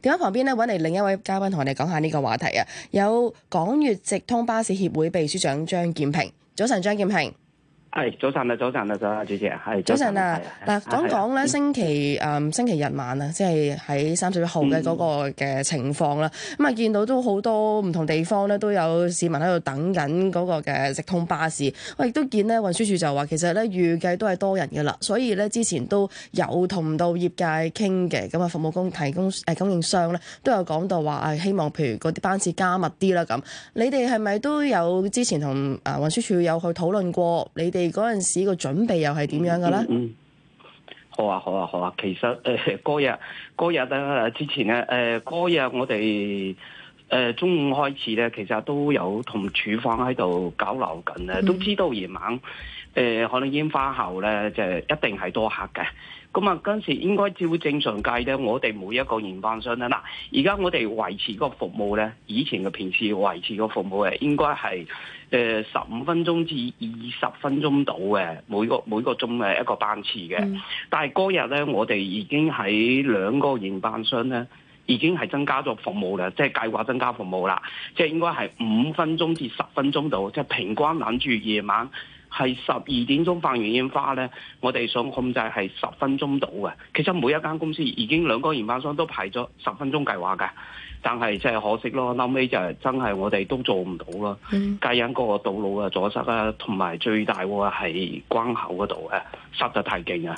電話旁邊呢，搵嚟另一位嘉賓同我哋講下呢個話題啊。有港粵直通巴士協會秘書長張劍平，早晨，張劍平。係早晨啊，早晨啊，早晨啊，主席，係早晨啊嗱，講講咧是星期誒、嗯、星期日晚啊，即係喺三十一號嘅嗰個嘅情況啦。咁啊、嗯，嗯、見到都好多唔同地方咧都有市民喺度等緊嗰個嘅直通巴士。我亦都見咧運輸署就話，其實咧預計都係多人噶啦，所以咧之前都有同到業界傾嘅，咁啊服務工提供誒供應商咧都有講到話誒希望譬如嗰啲班次加密啲啦咁。你哋係咪都有之前同誒運輸署有去討論過？你哋嗰陣時個準備又係點樣嘅咧、嗯嗯？嗯，好啊，好啊，好啊。其實誒，嗰日嗰日咧，之前咧，誒、呃，嗰日我哋。誒、呃、中午開始咧，其實都有同署方喺度交流緊咧，都知道夜晚誒可能煙花後咧，就一定係多客嘅。咁、嗯、啊，嗰時應該照正常計咧，我哋每一個營辦商咧，嗱，而家我哋維持個服務咧，以前嘅平時維持個服務嘅，應該係誒十五分鐘至二十分鐘度嘅每個每個鐘嘅一個班次嘅。嗯、但係嗰日咧，我哋已經喺兩個營辦商咧。已經係增加咗服務啦，即係計劃增加服務啦，即係應該係五分鐘至十分鐘度。即係平關諗住夜晚係十二點鐘放完煙花咧，我哋想控制係十分鐘度嘅。其實每一間公司已經兩個營辦商都排咗十分鐘計劃嘅，但係即係可惜咯，後尾就真係我哋都做唔到咯。嗯，加上嗰個道路嘅阻塞啦，同埋最大嘅係關口嗰度誒，塞得太勁啊！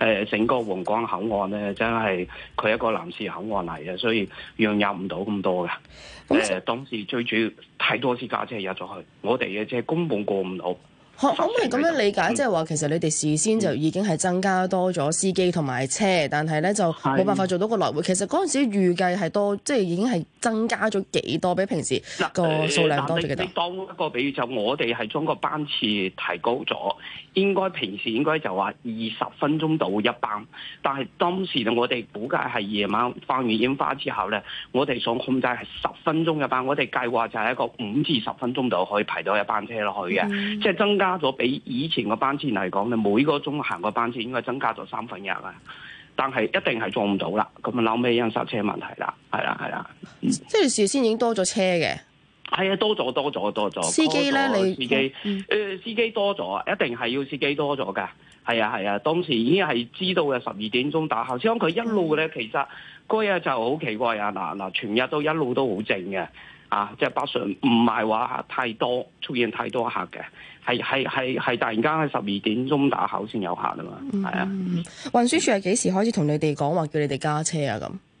誒、呃、整個皇崗口岸咧，真係佢一個臨時口岸嚟嘅，所以讓入唔到咁多㗎。誒、呃、當時最主要太多私家車入咗去，我哋嘅車根本過唔到。可唔可以咁樣理解？嗯、即係話其實你哋事先就已經係增加多咗司機同埋車，但係咧就冇辦法做到個來回。其實嗰陣時預計係多，即係已經係增加咗幾多比平時個但數量多幾多？你當一個比喻，就我哋係將個班次提高咗，應該平時應該就話二十分鐘到一班，但係當時我哋估計係夜晚放完煙花之後咧，我哋想控制係十分鐘一班，我哋計劃就係一個五至十分鐘度可以排到一班車落去嘅，嗯、即係增加。加咗比以前個班次嚟講咧，每個鐘行個班次應該增加咗三分一啊！但係一定係撞唔到啦，咁啊嬲咩因塞車問題啦，係啦係啦。嗯、即係事先已經多咗車嘅，係啊，多咗多咗多咗。司機咧，你司機誒，司機多咗，一定係要司機多咗㗎，係啊係啊。當時已經係知道嘅十二點鐘打後，先講佢一路咧，嗯、其實嗰日就好奇怪啊！嗱嗱，全日都一路都好靜嘅。啊，即係北上唔係話太多出現太多客嘅，係係係係突然間喺十二點鐘打口先有客啊嘛，係、嗯、啊。運輸署係幾時開始同你哋講話叫你哋加車啊咁？喺運輸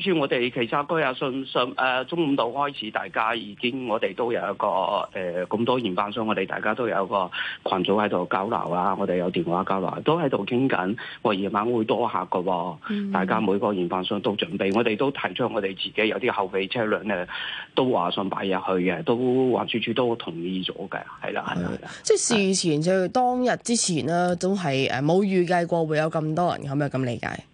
署，呃、我哋其實嗰日上上誒、呃、中午度開始，大家已經我哋都有一個誒咁、呃、多營辦商，我哋大家都有個群組喺度交流啊，我哋有電話交流，都喺度傾緊。話夜晚會多客噶、啊，大家每個營辦商都準備，我哋都提出我哋自己有啲後備車輛咧、啊，都話想擺入去嘅，都運輸署都同意咗嘅，係啦係啦，啦啦啦啦即係事前就是當日之前呢，都係誒冇預計過會有咁多人，可唔可以咁理解？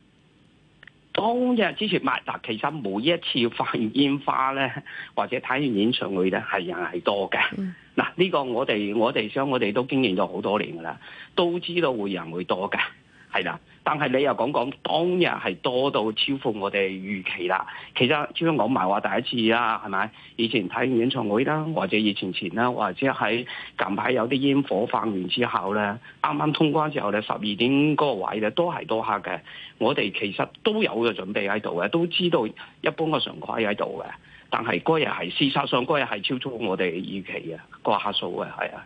我即之前買達其實每一次放煙花咧，或者睇完演唱會咧，係人係多嘅。嗱，呢個我哋我哋想，我哋都經營咗好多年噶啦，都知道會人會多嘅。係啦，但係你又講講當日係多到超乎我哋預期啦。其實，將講埋話第一次啊，係咪？以前睇演唱會啦，或者以前前啦，或者喺近排有啲煙火放完之後咧，啱啱通關之後咧，十二點嗰個位咧都係多客嘅。我哋其實都有個準備喺度嘅，都知道一般個常規喺度嘅。但係嗰日係事實上嗰日係超出我哋預期啊，個客數啊，係啊。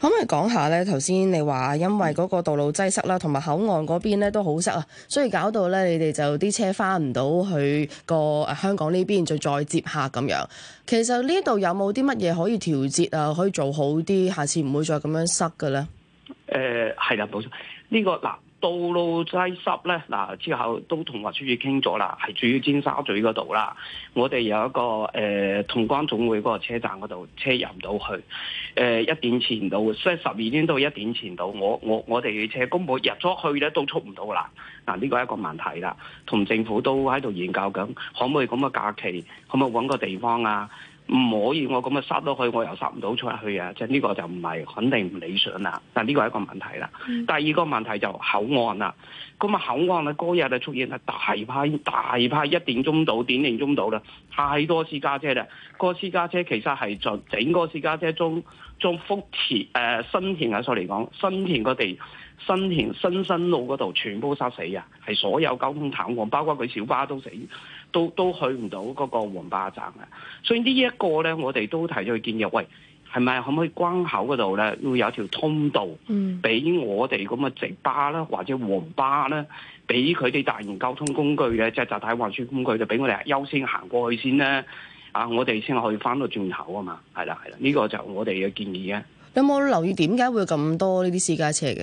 可唔可以講下呢？頭先你話，因為嗰個道路擠塞啦，同埋口岸嗰邊呢都好塞啊，所以搞到呢你哋就啲車翻唔到去個香港呢邊，就再接客咁樣。其實呢度有冇啲乜嘢可以調節啊？可以做好啲，下次唔會再咁樣塞嘅呢？誒、呃，係啦，冇錯，呢個嗱。道路擠塞咧，嗱之後都同運輸署傾咗啦，係主要尖沙咀嗰度啦。我哋有一個誒銅鑼灣總會嗰個車站嗰度，車入唔到去。誒、呃、一點前到，即係十二點到一點前到，我我我哋嘅車根本入咗去咧都出唔到啦。嗱、呃，呢個係一個問題啦，同政府都喺度研究緊，可唔可以咁嘅假期，可唔可以揾個地方啊？唔可以，我咁樣塞到去，我又塞唔到出去啊！即係呢個就唔係肯定唔理想啦，但係呢個係一個問題啦。第二個問題就口岸啦，咁啊口岸啊嗰日就出現係大批大批一點鐘到點零鐘到啦，太多私家車啦。個私家車其實係就整個私家車中，將福田誒新田嘅所嚟講，新田，新田地新田新新路嗰度全部塞死啊，係所有交通癱瘓，包括佢小巴都死。都都去唔到嗰個黃巴站啊！所以呢一個咧，我哋都提咗建議，喂，係咪可唔可以關口嗰度咧會有條通道，嗯，俾我哋咁嘅直巴啦，或者黃巴咧，俾佢哋大型交通工具嘅即係集體運輸工具，就俾我哋優先行過去先咧。啊，我哋先可以翻到轉頭啊嘛，係啦，係啦，呢個就我哋嘅建議啊，有冇留意點解會咁多呢啲私家車嘅？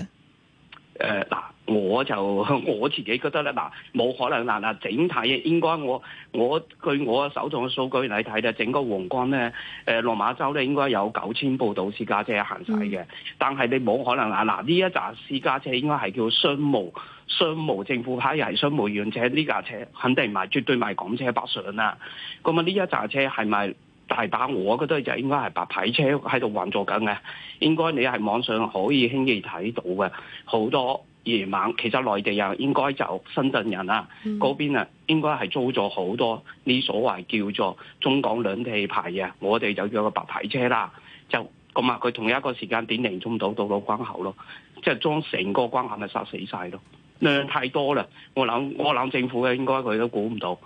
誒嗱、呃。我就我自己覺得咧，嗱冇可能嗱嗱整體嘅，應該我我據我手頭嘅數據嚟睇就整個皇崗咧，誒、呃、落馬洲咧應該有九千部到私家車行駛嘅，嗯、但係你冇可能嗱嗱呢一扎私家車應該係叫商務商務政府派車，又係商務樣車，呢架車肯定唔係絕對賣港車北上啦。咁啊呢一扎車係咪大把？我覺得就應該係白牌車喺度運作緊嘅，應該你係網上可以輕易睇到嘅好多。夜晚其實內地又應該就深圳人啦、啊，嗰、嗯、邊啊應該係租咗好多呢，所謂叫做中港兩地牌嘅，我哋就叫個白牌車啦，就咁啊佢同一個時間點零鐘到到關口咯，即係裝成個關口咪殺死晒咯，量太多啦，我諗我諗政府嘅應該佢都估唔到。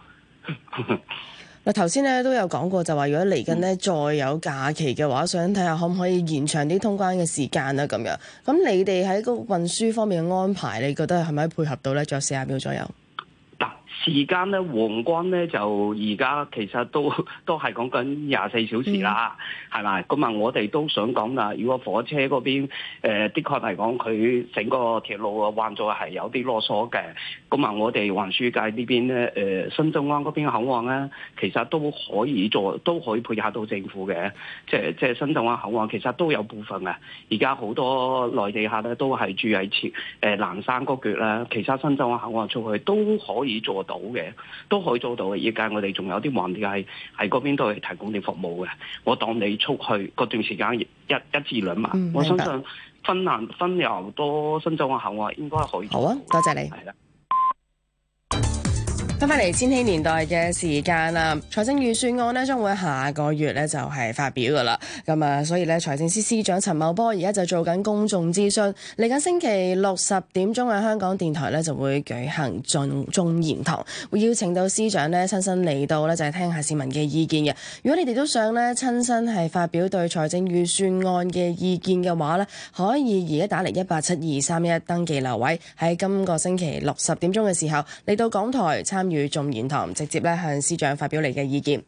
呵呵嗱，頭先咧都有講過，就話如果嚟緊咧再有假期嘅話，想睇下可唔可以延長啲通關嘅時間啦，咁樣。咁你哋喺個運輸方面嘅安排，你覺得係咪配合到咧？仲有四十秒左右。時間咧，皇崗咧就而家其實都都係講緊廿四小時啦，係咪、mm.？咁啊，我哋都想講啦。如果火車嗰邊、呃，的確嚟講佢整個鐵路嘅運作係有啲囉嗦嘅。咁啊，我哋運輸界呢邊咧，誒，深圳灣嗰邊口岸咧，其實都可以做，都可以配合到政府嘅。即係即係深圳灣口岸，其實都有部分嘅。而家好多內地客咧都係住喺前、呃、南山嗰橛啦，其他深圳灣口岸出去都可以做到嘅都可以做到嘅，而家我哋仲有啲環節係喺嗰邊都係提供你服務嘅。我當你出去嗰段時間，一一至兩晚，嗯、我相信芬蘭、分流明白。多、新加嘅口岸，應該可以做到。好啊，多謝你。係啦。翻翻嚟千禧年代嘅時間啦，財政預算案咧將會下個月咧就係發表噶啦。咁啊，所以咧財政司司長陳茂波而家就做緊公眾諮詢嚟緊星期六十點鐘嘅香港電台咧就會舉行眾言堂會邀請到司長咧親身嚟到咧就係聽下市民嘅意見嘅。如果你哋都想咧親身係發表對財政預算案嘅意見嘅話咧，可以而家打嚟一八七二三一登記留位，喺今個星期六十點鐘嘅時候嚟到港台參。與眾言談，直接咧向司長發表你嘅意見。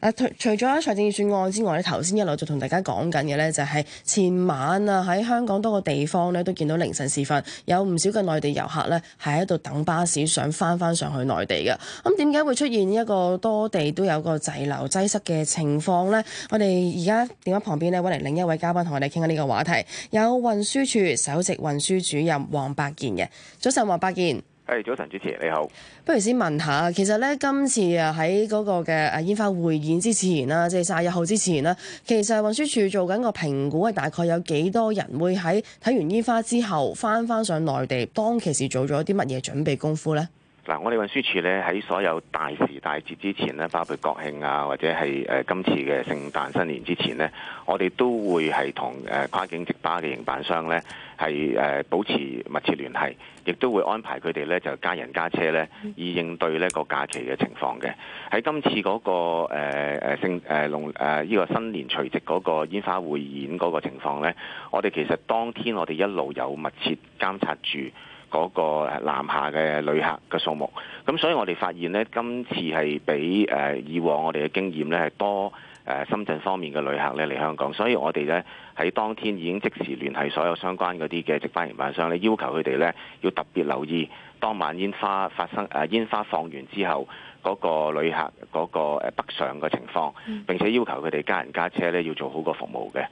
嗱、呃，除咗財政預算案之外，你頭先一路就同大家講緊嘅咧，就係前晚啊，喺香港多個地方咧都見到凌晨時分有唔少嘅內地遊客咧，係喺度等巴士想翻翻上去內地嘅。咁點解會出現一個多地都有個滯留擠塞嘅情況呢？我哋而家電話旁邊呢，揾嚟另一位嘉賓同我哋傾緊呢個話題，有運輸署首席運輸主任王伯健嘅。早晨，王伯健。誒，早晨，主持你好。不如先問下，其實咧，今次啊，喺嗰個嘅煙花匯演之前啦，即係卅日號之前啦，其實運輸署做緊個評估，係大概有幾多人會喺睇完煙花之後返返上內地，當其時做咗啲乜嘢準備功夫咧？嗱，我哋運輸署呢，喺所有大時大節之前咧，包括國慶啊，或者係誒今次嘅聖誕新年之前呢，我哋都會係同誒跨境直巴嘅營辦商呢係誒保持密切聯繫，亦都會安排佢哋呢就加人加車呢，以應對呢個假期嘅情況嘅。喺今次嗰、那個誒誒、呃、聖誒龍呢依個新年除夕嗰個煙花匯演嗰個情況呢，我哋其實當天我哋一路有密切監察住。嗰個南下嘅旅客嘅數目，咁所以我哋發現呢，今次係比誒以往我哋嘅經驗呢係多深圳方面嘅旅客咧嚟香港，所以我哋呢喺當天已經即時聯繫所有相關嗰啲嘅直班營辦商咧，要求佢哋呢要特別留意當晚煙花發生誒煙花放完之後嗰個旅客嗰個北上嘅情況，並且要求佢哋加人加車呢要做好個服務嘅。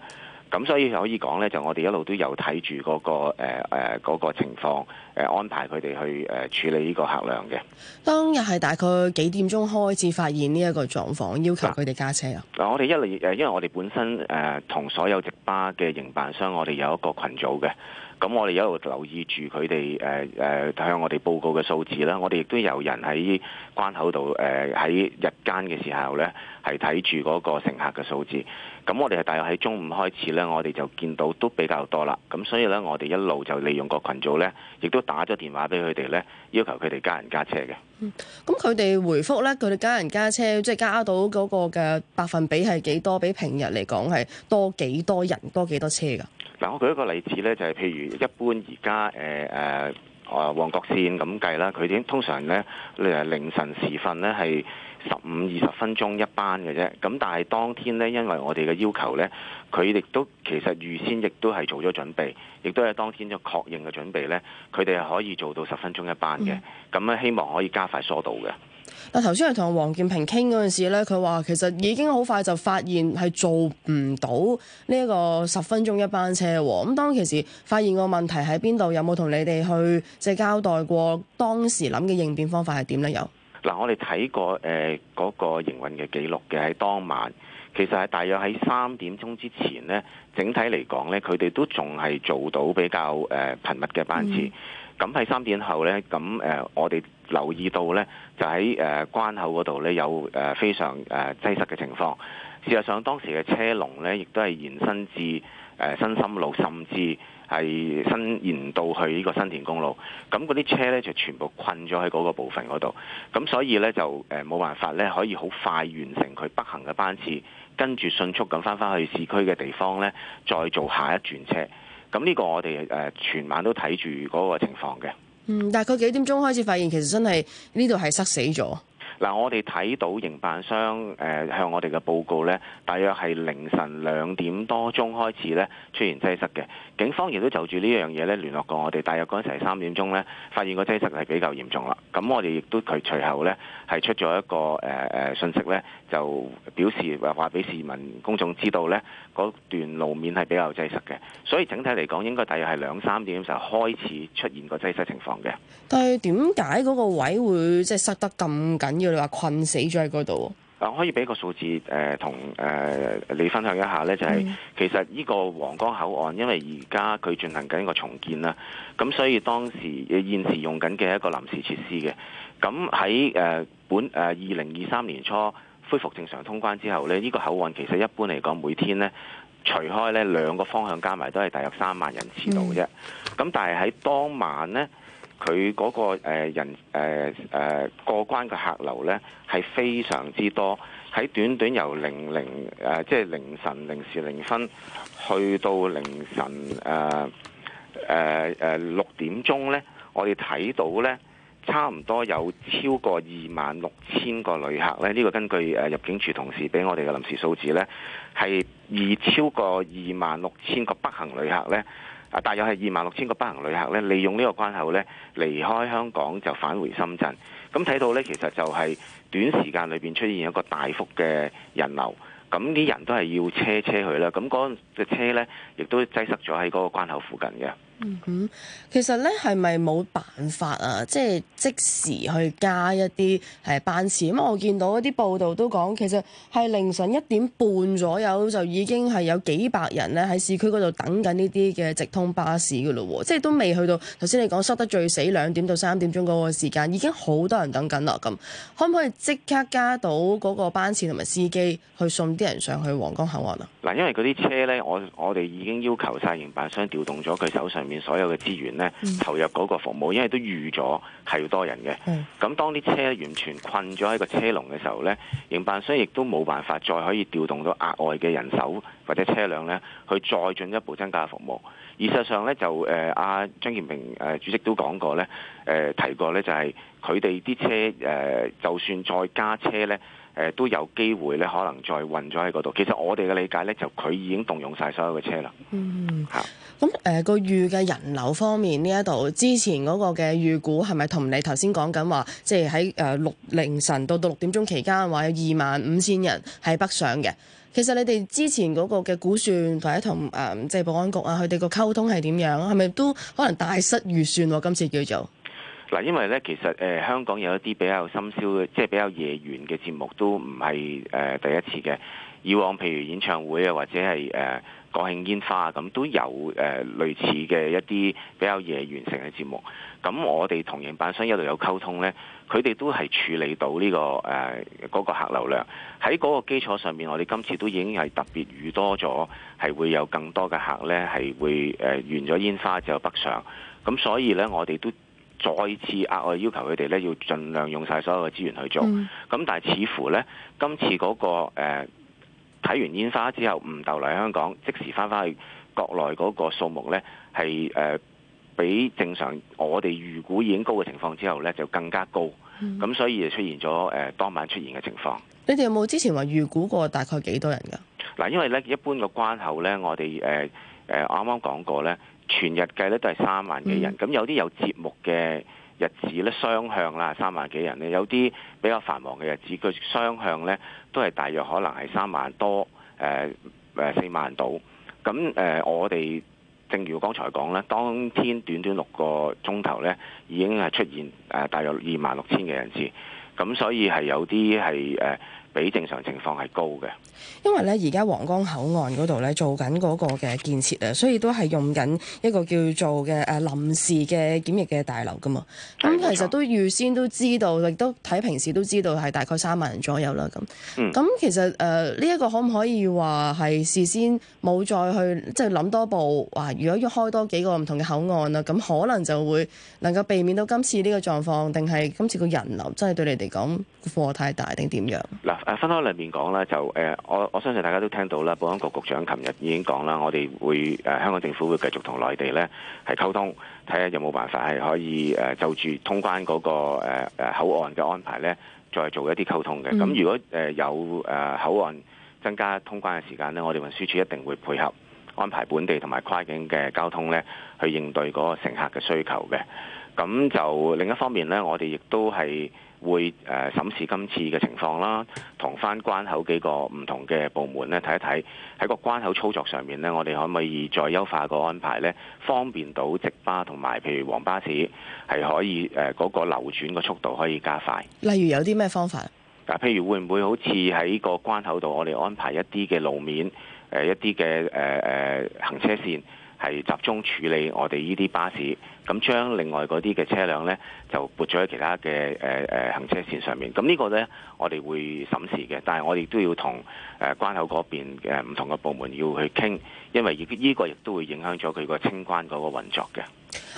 咁所以可以講呢，就我哋一路都有睇住嗰個誒誒嗰個情況誒、呃、安排佢哋去誒、呃、處理呢個客量嘅。當日係大概幾點鐘開始發現呢一個狀況，要求佢哋加車啊？我哋一嚟誒因為我哋本身誒、呃、同所有直巴嘅營辦商，我哋有一個群組嘅。咁我哋一路留意住佢哋誒誒向我哋報告嘅數字啦，我哋亦都有人喺關口度誒喺日間嘅時候咧，係睇住嗰個乘客嘅數字。咁我哋係大約喺中午開始咧，我哋就見到都比較多啦。咁所以咧，我哋一路就利用個群組咧，亦都打咗電話俾佢哋咧，要求佢哋加人加車嘅。咁佢哋回覆咧，佢哋加人加車，即係加到嗰個嘅百分比係幾多？比平日嚟講，係多幾多人多幾多車㗎？嗱，我舉一個例子咧，就係、是、譬如一般而家誒誒啊，旺、呃、角、呃、線咁計啦，佢哋經通常咧誒凌晨時分咧係十五二十分鐘一班嘅啫。咁但係當天咧，因為我哋嘅要求咧，佢亦都其實預先亦都係做咗準備，亦都係當天就確認嘅準備咧，佢哋係可以做到十分鐘一班嘅。咁咧，希望可以加快疏導嘅。但頭先係同張劍平傾嗰陣時咧，佢話其實已經好快就發現係做唔到呢一個十分鐘一班車喎。咁當其時發現個問題喺邊度？有冇同你哋去即係交代過當時諗嘅應變方法係點咧？有，嗱，我哋睇過誒嗰個營運嘅記錄嘅喺當晚，其實係大約喺三點鐘之前呢，整體嚟講呢，佢哋都仲係做到比較誒頻密嘅班次。咁喺三點後呢，咁誒、呃、我哋留意到呢，就喺誒、呃、關口嗰度呢，有、呃、誒非常誒擠塞嘅情況。事實上當時嘅車龍呢，亦都係延伸至誒、呃、新深路，甚至係伸延到去呢個新田公路。咁嗰啲車呢，就全部困咗喺嗰個部分嗰度。咁所以呢，就誒冇辦法呢，可以好快完成佢北行嘅班次，跟住迅速咁返返去市區嘅地方呢，再做下一轉車。咁呢個我哋誒全晚都睇住嗰個情況嘅。嗯，但係佢幾點鐘開始發現，其實真係呢度係塞死咗。嗱、嗯，我哋睇到營辦商誒、呃、向我哋嘅報告咧，大約係凌晨兩點多鐘開始咧出現擠塞嘅。警方亦都就住呢樣嘢咧聯絡過我哋。大約嗰陣時三點鐘咧，發現個擠塞係比較嚴重啦。咁我哋亦都佢隨後咧係出咗一個誒誒、呃、信息咧，就表示話話俾市民公眾知道咧，嗰段路面係比較擠塞嘅。所以整體嚟講，應該大約係兩三點時候開始出現個擠塞情況嘅。但係點解嗰個位會即係塞得咁緊要？你話困死咗喺嗰度？啊，我可以俾個數字誒同誒你分享一下呢，就係、是、其實呢個皇崗口岸，因為而家佢進行緊一個重建啦，咁所以當時現時用緊嘅一個臨時設施嘅。咁喺誒本誒二零二三年初恢復正常通關之後呢依、這個口岸其實一般嚟講，每天呢除開呢兩個方向加埋都係大約三萬人次到啫。咁但係喺當晚呢。佢嗰、嗰個、呃、人誒誒、呃呃、過關嘅客流呢，係非常之多。喺短短由零零誒、呃，即係凌晨零時零分去到凌晨誒誒誒六點鐘呢，我哋睇到呢，差唔多有超過二萬六千個旅客呢呢、呢個根據誒入境處同事俾我哋嘅臨時數字呢，係以超過二萬六千個北行旅客呢。啊！大約係二萬六千個北行旅客咧，利用呢個關口咧離開香港就返回深圳。咁睇到咧，其實就係短時間裏邊出現一個大幅嘅人流，咁啲人都係要車車去啦。咁、那、嗰個車咧，亦都擠塞咗喺嗰個關口附近嘅。嗯哼、嗯，其實咧係咪冇辦法啊？即係即時去加一啲誒班次咁，嗯？我見到一啲報道都講，其實係凌晨一點半左右就已經係有幾百人咧喺市區嗰度等緊呢啲嘅直通巴士嘅咯，即係都未去到頭先你講塞得最死兩點到三點鐘嗰個時間，已經好多人等緊啦。咁可唔可以即刻加到嗰個班次同埋司機去送啲人上去皇崗口岸啊？嗱，因為嗰啲車咧，我我哋已經要求晒營辦商調動咗佢手上。面所有嘅資源咧，投入嗰個服務，因為都預咗係要多人嘅。咁的當啲車完全困咗喺個車龍嘅時候咧，營辦商亦都冇辦法再可以調動到額外嘅人手或者車輛咧，去再進一步增加服務。事實上咧，就誒阿、呃、張劍平誒主席都講過咧，誒、呃、提過咧、就是，就係佢哋啲車誒、呃，就算再加車咧，誒、呃、都有機會咧，可能再運咗喺嗰度。其實我哋嘅理解咧，就佢已經動用晒所有嘅車啦。嗯，嚇是，咁誒、嗯呃那個預計人流方面呢一度，之前嗰個嘅預估係咪同你頭先講緊話，即係喺誒六凌晨到到六點鐘期間，話有二萬五千人喺北上嘅？其實你哋之前嗰個嘅估算，或者同誒即係保安局啊，佢哋個溝通係點樣？係咪都可能大失預算喎、啊？今次叫做嗱，因為咧，其實誒、呃、香港有一啲比較深宵，嘅，即係比較夜圓嘅節目，都唔係誒第一次嘅。以往譬如演唱會啊，或者係誒、呃、國慶煙花啊，咁都有誒、呃、類似嘅一啲比較夜完成嘅節目。咁我哋同營辦商一路有溝通咧。佢哋都係處理到呢、這個誒嗰、呃那個客流量，喺嗰個基礎上面，我哋今次都已經係特別預多咗，係會有更多嘅客呢係會誒完咗煙花就北上。咁所以呢，我哋都再次額外、呃、要求佢哋呢要盡量用晒所有嘅資源去做。咁但係似乎呢，今次嗰、那個睇、呃、完煙花之後唔逗嚟香港，即時返返去國內嗰個數目呢係誒。比正常我哋預估已經高嘅情況之後呢，就更加高，咁、嗯、所以就出現咗誒、呃、當晚出現嘅情況。你哋有冇之前話預估過大概幾多人㗎？嗱，因為呢一般個關口呢，我哋誒誒啱啱講過呢，全日計呢都係三萬幾人。咁、嗯、有啲有節目嘅日子呢，雙向啦，三萬幾人咧，有啲比較繁忙嘅日子佢雙向呢都係大約可能係三萬多誒誒四萬到。咁、呃、誒、呃呃、我哋。正如我剛才講咧，當天短短六個鐘頭咧，已經係出現誒大約二萬六千嘅人次，咁所以係有啲係誒。呃比正常情況係高嘅，因為咧而家皇崗口岸嗰度咧做緊嗰個嘅建設啊，所以都係用緊一個叫做嘅誒、啊、臨時嘅檢疫嘅大樓噶嘛。咁的其實都預先都知道，亦都睇平時都知道係大概三萬人左右啦。咁咁、嗯、其實誒呢一個可唔可以話係事先冇再去即係諗多步，話如果要多開多幾個唔同嘅口岸啊，咁可能就會能夠避免到今次呢個狀況，定係今次個人流真係對你嚟講？貨太大定點樣？嗱，誒分開兩面講啦，就誒，我我相信大家都聽到啦，保安局局長琴日已經講啦，我哋會誒香港政府會繼續同內地咧係溝通，睇下有冇辦法係可以誒就住通關嗰個誒誒口岸嘅安排咧，再做一啲溝通嘅。咁、mm. 如果誒有誒口岸增加通關嘅時間咧，我哋運輸署一定會配合安排本地同埋跨境嘅交通咧去應對嗰個乘客嘅需求嘅。咁就另一方面咧，我哋亦都係。會誒審視今次嘅情況啦，同翻關口幾個唔同嘅部門咧睇一睇喺個關口操作上面咧，我哋可唔可以再優化個安排呢？方便到直巴同埋譬如黃巴士係可以誒嗰個流轉嘅速度可以加快。例如有啲咩方法？嗱，譬如會唔會好似喺個關口度，我哋安排一啲嘅路面誒、呃、一啲嘅誒誒行車線？係集中處理我哋呢啲巴士，咁將另外嗰啲嘅車輛呢就撥咗喺其他嘅誒誒行車線上面。咁、這、呢個呢，我哋會審視嘅，但係我哋都要同誒關口嗰邊誒唔同嘅部門要去傾，因為呢個亦都會影響咗佢個清關嗰個運作嘅。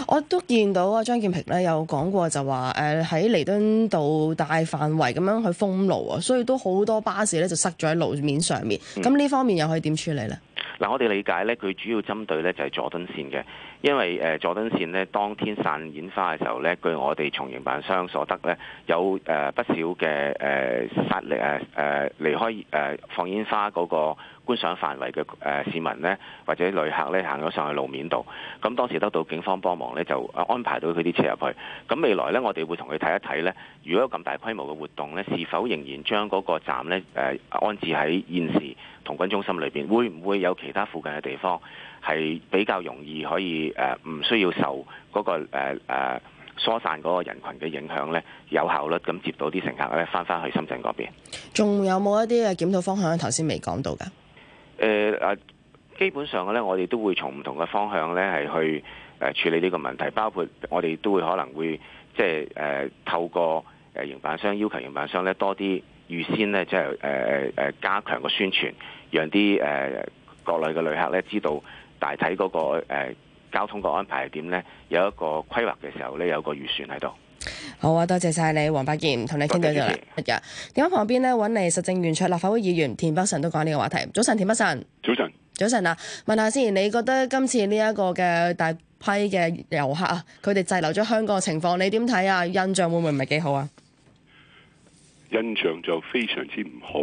我都見到阿張劍平呢有講過就話誒喺彌敦道大範圍咁樣去封路啊，所以都好多巴士呢就塞咗喺路面上面。咁呢方面又可以點處理呢？嗯嗱、啊，我哋理解呢，佢主要針對呢就係、是、佐敦線嘅，因為誒、呃、佐敦線呢當天散煙花嘅時候呢，據我哋從營辦商所得呢，有誒、呃、不少嘅誒殺力誒誒、呃、離開誒放、呃、煙花嗰、那個。觀賞範圍嘅誒市民呢，或者旅客呢，行咗上去路面度，咁當時得到警方幫忙呢，就安排到佢啲車入去。咁未來呢，我哋會同佢睇一睇呢，如果有咁大規模嘅活動呢，是否仍然將嗰個站呢誒安置喺現時銅鑼中心裏邊，會唔會有其他附近嘅地方係比較容易可以誒，唔需要受嗰個誒疏散嗰個人群嘅影響呢？有效率咁接到啲乘客咧翻返去深圳嗰邊？仲有冇一啲嘅檢討方向頭先未講到嘅？誒啊！基本上咧，我哋都會從唔同嘅方向咧，係去誒處理呢個問題。包括我哋都會可能會即係誒透過誒營辦商，要求營辦商咧多啲預先咧，即係誒誒加強個宣傳，讓啲誒、呃、國內嘅旅客咧知道大體嗰、那個、呃、交通嘅安排係點咧，有一個規劃嘅時候咧，有個預算喺度。好啊，多謝晒你，王伯健同你傾到咗啦。今日電話旁邊呢，揾嚟，實政圓桌立法會議員田北辰都講呢個話題。早晨，田北辰。早晨。早晨啊，問下先，你覺得今次呢一個嘅大批嘅遊客啊，佢哋滯留咗香港嘅情況，你點睇啊？印象會唔會唔係幾好啊？印象就非常之唔好。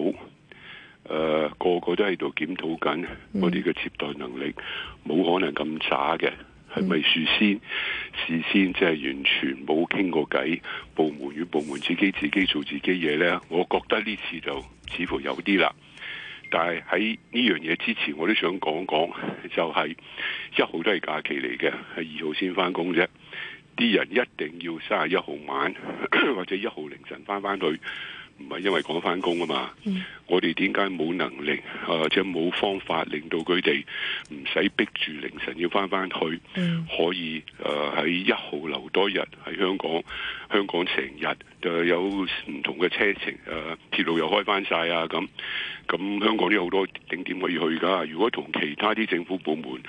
誒、呃，個個都喺度檢討緊我哋嘅接待能力，冇可能咁渣嘅。係咪事先？事先即係完全冇傾過計，部門與部門自己自己做自己嘢呢？我覺得呢次就似乎有啲啦。但係喺呢樣嘢之前，我都想講講，就係一號都係假期嚟嘅，係二號先返工啫。啲人一定要三十一號晚或者一號凌晨翻返去，唔係因為趕返工啊嘛。我哋點解冇能力、啊，或者冇方法令到佢哋唔使逼住凌晨要翻翻去，可以誒喺一號留多日喺香港，香港成日誒有唔同嘅車程，誒鐵路又開翻晒啊咁，咁香港啲好多景點可以去㗎、啊。如果同其他啲政府部門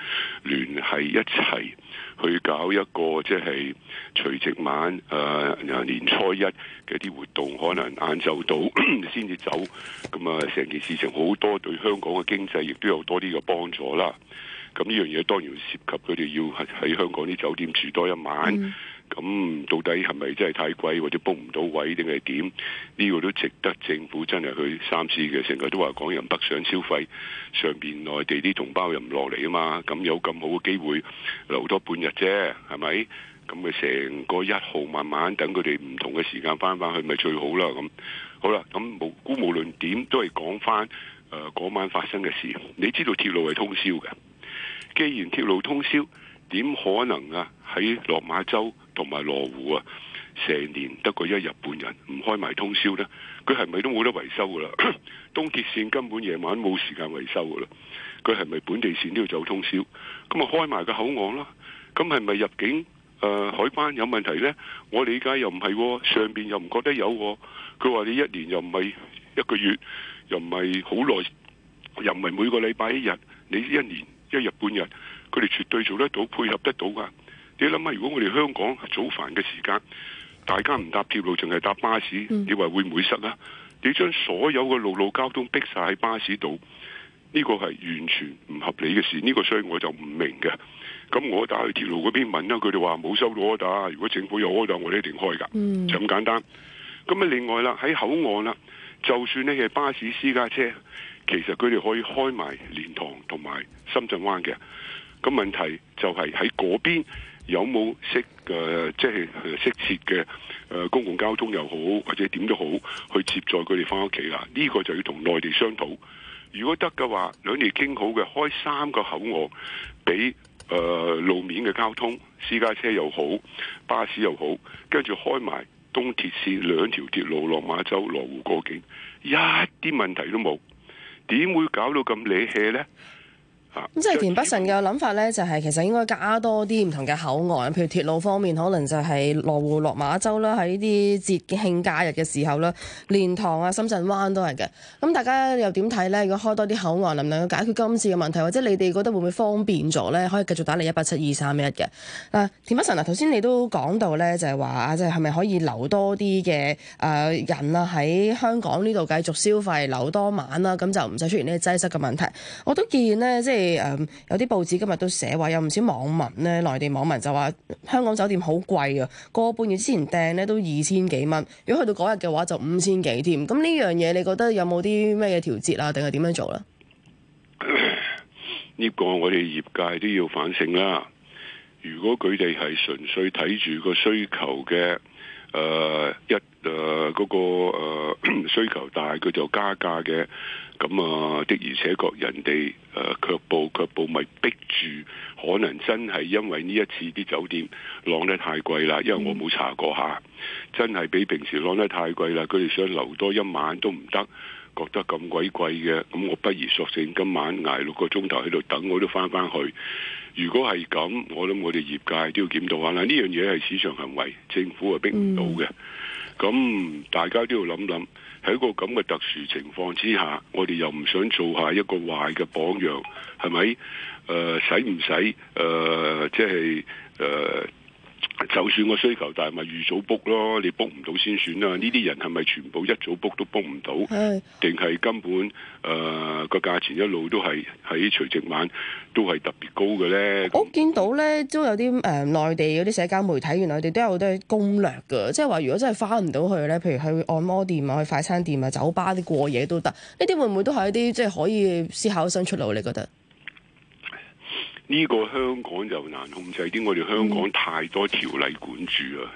聯繫一齊去搞一個即係除夕晚誒、哎呃、年初一嘅啲活動可能晏晝到先至、um、out 走咁成件事情好多對香港嘅經濟亦都有多啲嘅幫助啦。咁呢樣嘢當然涉及佢哋要喺香港啲酒店住多一晚。咁、嗯、到底係咪真係太貴或者 book 唔到位定係點，呢、呢個都值得政府真係去三思嘅。成日都話港人北上消費，上邊內地啲同胞又唔落嚟啊嘛。咁有咁好嘅機會留多半日啫，係咪？咁咪成個一號慢慢等佢哋唔同嘅時間翻返去，咪、就是、最好啦。咁好啦，咁無估無論點都係講翻誒嗰晚發生嘅事。你知道鐵路係通宵嘅，既然鐵路通宵，點可能啊喺落馬洲同埋羅湖啊，成年得個一日半日唔開埋通宵呢？佢係咪都冇得維修噶啦？ 東鐵線根本夜晚冇時間維修噶啦。佢係咪本地線都要走通宵？咁啊開埋個口岸啦。咁係咪入境？誒、呃，海班有問題呢，我理解又唔係、哦，上邊又唔覺得有、哦，佢話你一年又唔係一個月，又唔係好耐，又唔係每個禮拜一日，你一年一日半日，佢哋絕對做得到配合得到噶。你諗下，如果我哋香港早飯嘅時間，大家唔搭鐵路，淨係搭巴士，你話會唔會塞啊？你將所有嘅路路交通逼晒喺巴士度，呢、這個係完全唔合理嘅事，呢、這個所以我就唔明嘅。咁我打去鐵路嗰邊問啦、啊，佢哋話冇收到 order。如果政府有 order，我哋一定開噶，嗯、就咁簡單。咁啊，另外啦，喺口岸啦，就算呢係巴士私家車，其實佢哋可以開埋蓮塘同埋深圳灣嘅。咁問題就係喺嗰邊有冇適誒，即係適切嘅誒公共交通又好，或者點都好去接載佢哋翻屋企啦。呢、這個就要同內地商討。如果得嘅話，兩地傾好嘅，開三個口岸俾。誒、呃、路面嘅交通，私家車又好，巴士又好，跟住開埋東鐵線兩條鐵路落馬洲羅湖過境，一啲問題都冇，點會搞到咁離棄呢？咁即係田北辰嘅諗法咧，就係其實應該加多啲唔同嘅口岸，譬如鐵路方面可能就係羅湖、落馬洲啦，喺呢啲節慶假日嘅時候啦，蓮塘啊、深圳灣都係嘅。咁大家又點睇咧？如果開多啲口岸，能唔能夠解決今次嘅問題，或者你哋覺得會唔會方便咗咧？可以繼續打嚟一八七二三一嘅。嗱，田北辰啊，頭先你都講到咧，就係話啊，即係係咪可以留多啲嘅誒人啊喺香港呢度繼續消費，留多晚啦，咁就唔使出現呢啲擠塞嘅問題。我都見呢。即係。誒、嗯，有啲報紙今日都寫話，有唔少網民咧，內地網民就話香港酒店好貴啊，個半月之前訂咧都二千幾蚊，如果去到嗰日嘅話就五千幾添。咁呢樣嘢你覺得有冇啲咩嘢調節啊，定係點樣做呢？呢、 呢個我哋業界都要反省啦。如果佢哋係純粹睇住個需求嘅。誒、uh, 一誒嗰、uh, 那個、uh, 需求大，佢就加價嘅。咁啊的，uh, 的而且確人哋誒卻步卻步咪逼住，可能真係因為呢一次啲酒店攬得太貴啦。因為我冇查過下。Mm. 真係比平時攬得太貴啦。佢哋想留多一晚都唔得，覺得咁鬼貴嘅。咁我不如索性今晚捱六個鐘頭喺度等，我都翻返去。如果係咁，我諗我哋業界都要檢討下啦。呢樣嘢係市場行為，政府係逼唔到嘅。咁、嗯、大家都要諗諗，喺個咁嘅特殊情況之下，我哋又唔想做下一個壞嘅榜樣，係咪？誒、呃，使唔使誒，即係誒？即係呃就算個需求但大咪預早 book 咯，你 book 唔到先選啦。呢啲人係咪全部一早 book 都 book 唔到，定係根本誒個、呃、價錢一路都係喺除夕晚都係特別高嘅咧？我見到咧都有啲誒內地嗰啲社交媒體，原來我哋都有好多攻略㗎，即係話如果真係翻唔到去咧，譬如去按摩店啊、去快餐店啊、酒吧啲過夜都得。呢啲會唔會都係一啲即係可以思考新出路？你覺得？呢個香港就難控制啲，我哋香港太多條例管住啊！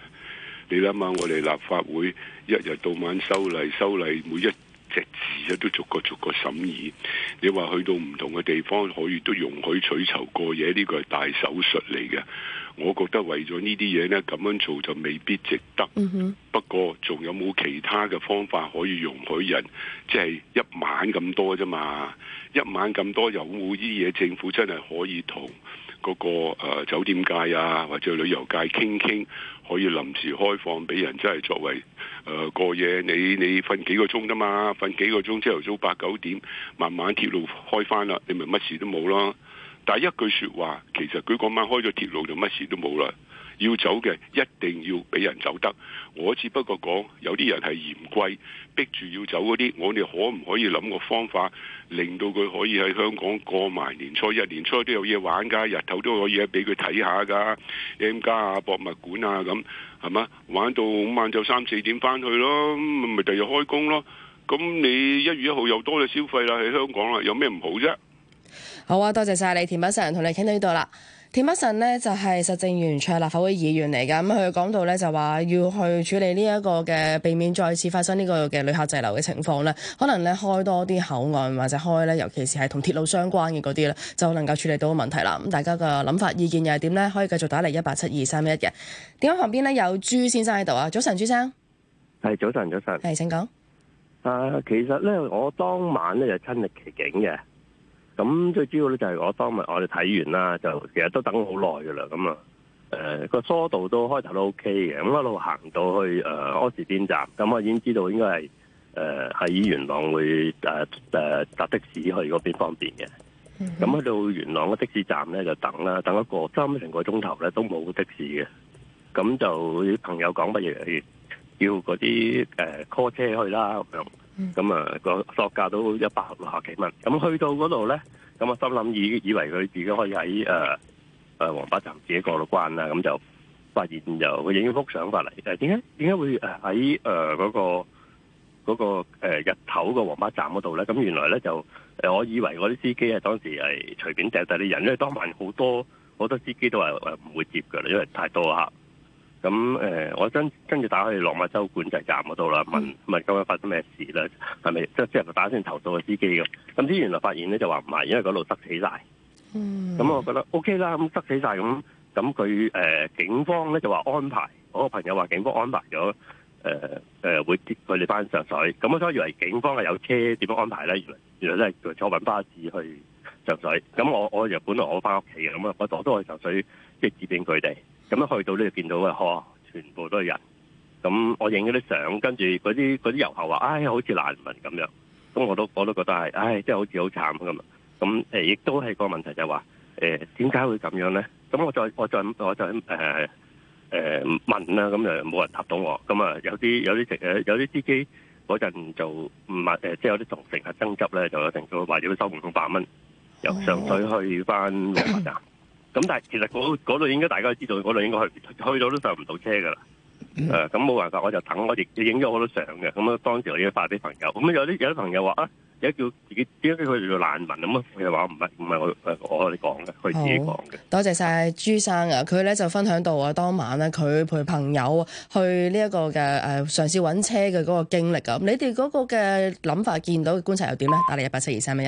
你諗下，我哋立法會一日到晚修例修例，每一隻字咧都逐個逐個審議。你話去到唔同嘅地方可以都容許取酬過夜。呢、這個係大手術嚟嘅。我覺得為咗呢啲嘢呢，咁樣做就未必值得。不過仲有冇其他嘅方法可以容許人，即係一晚咁多啫嘛？一晚咁多有冇啲嘢？政府真係可以同嗰個、呃、酒店界啊，或者旅遊界傾傾可以臨時開放俾人，真係作為誒、呃、過夜。你你瞓幾個鐘㗎嘛？瞓幾個鐘，朝頭早八九點慢慢鐵路開翻啦，你咪乜事都冇咯。但係一句說話，其實佢嗰晚開咗鐵路就乜事都冇啦。要走嘅一定要俾人走得。我只不過講有啲人係嫌貴，逼住要走嗰啲，我哋可唔可以諗個方法，令到佢可以喺香港過埋年初一、年初一都有嘢玩㗎，日頭都可以俾佢睇下㗎，M+ 啊、博物館啊咁，係嘛？玩到晚晝三四點返去咯，咪第二日開工咯。咁你一月一號又多咗消費啦，喺香港啦，有咩唔好啫？好啊，多謝晒你，田北辰，同你傾到呢度啦。田北辰呢，就係、是、實政圓桌立法會議員嚟噶。咁佢講到呢，就話要去處理呢一個嘅避免再次發生呢個嘅旅客滯留嘅情況呢，可能呢，開多啲口岸或者開呢，尤其是係同鐵路相關嘅嗰啲呢就能夠處理到個問題啦。咁大家嘅諗法、意見又係點呢？可以繼續打嚟一八七二三一嘅。電話旁邊呢，有朱先生喺度啊，早晨，朱生，係早晨，早晨，係請講。啊、呃，其實呢，我當晚呢，就親歷其境嘅。咁最主要咧就係我當日我哋睇完啦，就其實都等好耐㗎啦，咁啊，誒個疏導都開頭都 OK 嘅，咁一路行到去誒柯士甸站，咁我已經知道應該係誒喺元朗會誒誒搭的士去嗰邊方便嘅，咁去到元朗嘅的，的士站咧就等啦，等一個三成個鐘頭咧都冇的士嘅，咁就朋友講不如要嗰啲誒 call 車去啦咁。咁啊個索價都一百六十幾蚊，咁、嗯、去到嗰度呢，咁、嗯、我心諗以以為佢自己可以喺誒誒黃巴站自己過到關啦，咁、嗯、就發現就佢影咗幅相發嚟，誒，點解點解會誒喺誒嗰個個誒日頭個黃巴站嗰度呢？咁、嗯、原來呢，就誒、呃、我以為我啲司機啊當時係隨便掟晒啲人，因為當晚好多好多司機都話唔會接噶啦，因為太多客。咁誒、呃，我跟跟住打去落馬洲管制站嗰度啦，問問今日發生咩事啦，係咪即即係打聲投訴個司機咁？咁之原來發現咧就話唔係，因為嗰度塞死晒。嗯，咁我覺得 OK 啦，咁塞死晒。咁，咁佢誒警方咧就話安排，我、我個朋友話警方安排咗誒誒會接佢哋翻上水。咁我初以為警方係有車點樣安排咧？原來原來咧坐緊巴士去上水。咁我我原本來我翻屋企嘅，咁我我都去上水即係接應佢哋。就是咁樣去到呢，就見到啊，嗬，全部都係人。咁我影咗啲相，跟住嗰啲啲遊客話，唉，好似難民咁樣。咁我都我都覺得係，唉，真係好似好慘咁。咁誒，亦都係個問題就係話，誒點解會咁樣咧？咁我再我再我再誒誒問啦，咁就冇人答到我。咁啊，有啲有啲直誒，有啲司機嗰陣就唔係，誒即係有啲同乘客爭執咧，就有乘客話要收五百蚊由上水去翻咁、嗯、但係其實嗰度應該大家都知道，嗰度應該去去咗都上唔到車噶啦。誒、呃，咁冇辦法，我就等。我亦影咗好多相嘅。咁啊，當時我已經發畀朋友。咁、嗯、有啲有啲朋友話啊，而家叫自己點解佢叫做難民咁啊，佢就話唔係唔係我我哋講嘅，佢自己講嘅、嗯。多謝晒朱生啊！佢咧就分享到啊，當晚咧佢陪朋友去呢、這、一個嘅誒嘗試揾車嘅嗰個經歷啊。你哋嗰個嘅諗法，見到嘅觀察又點咧？打嚟一八七二三一一。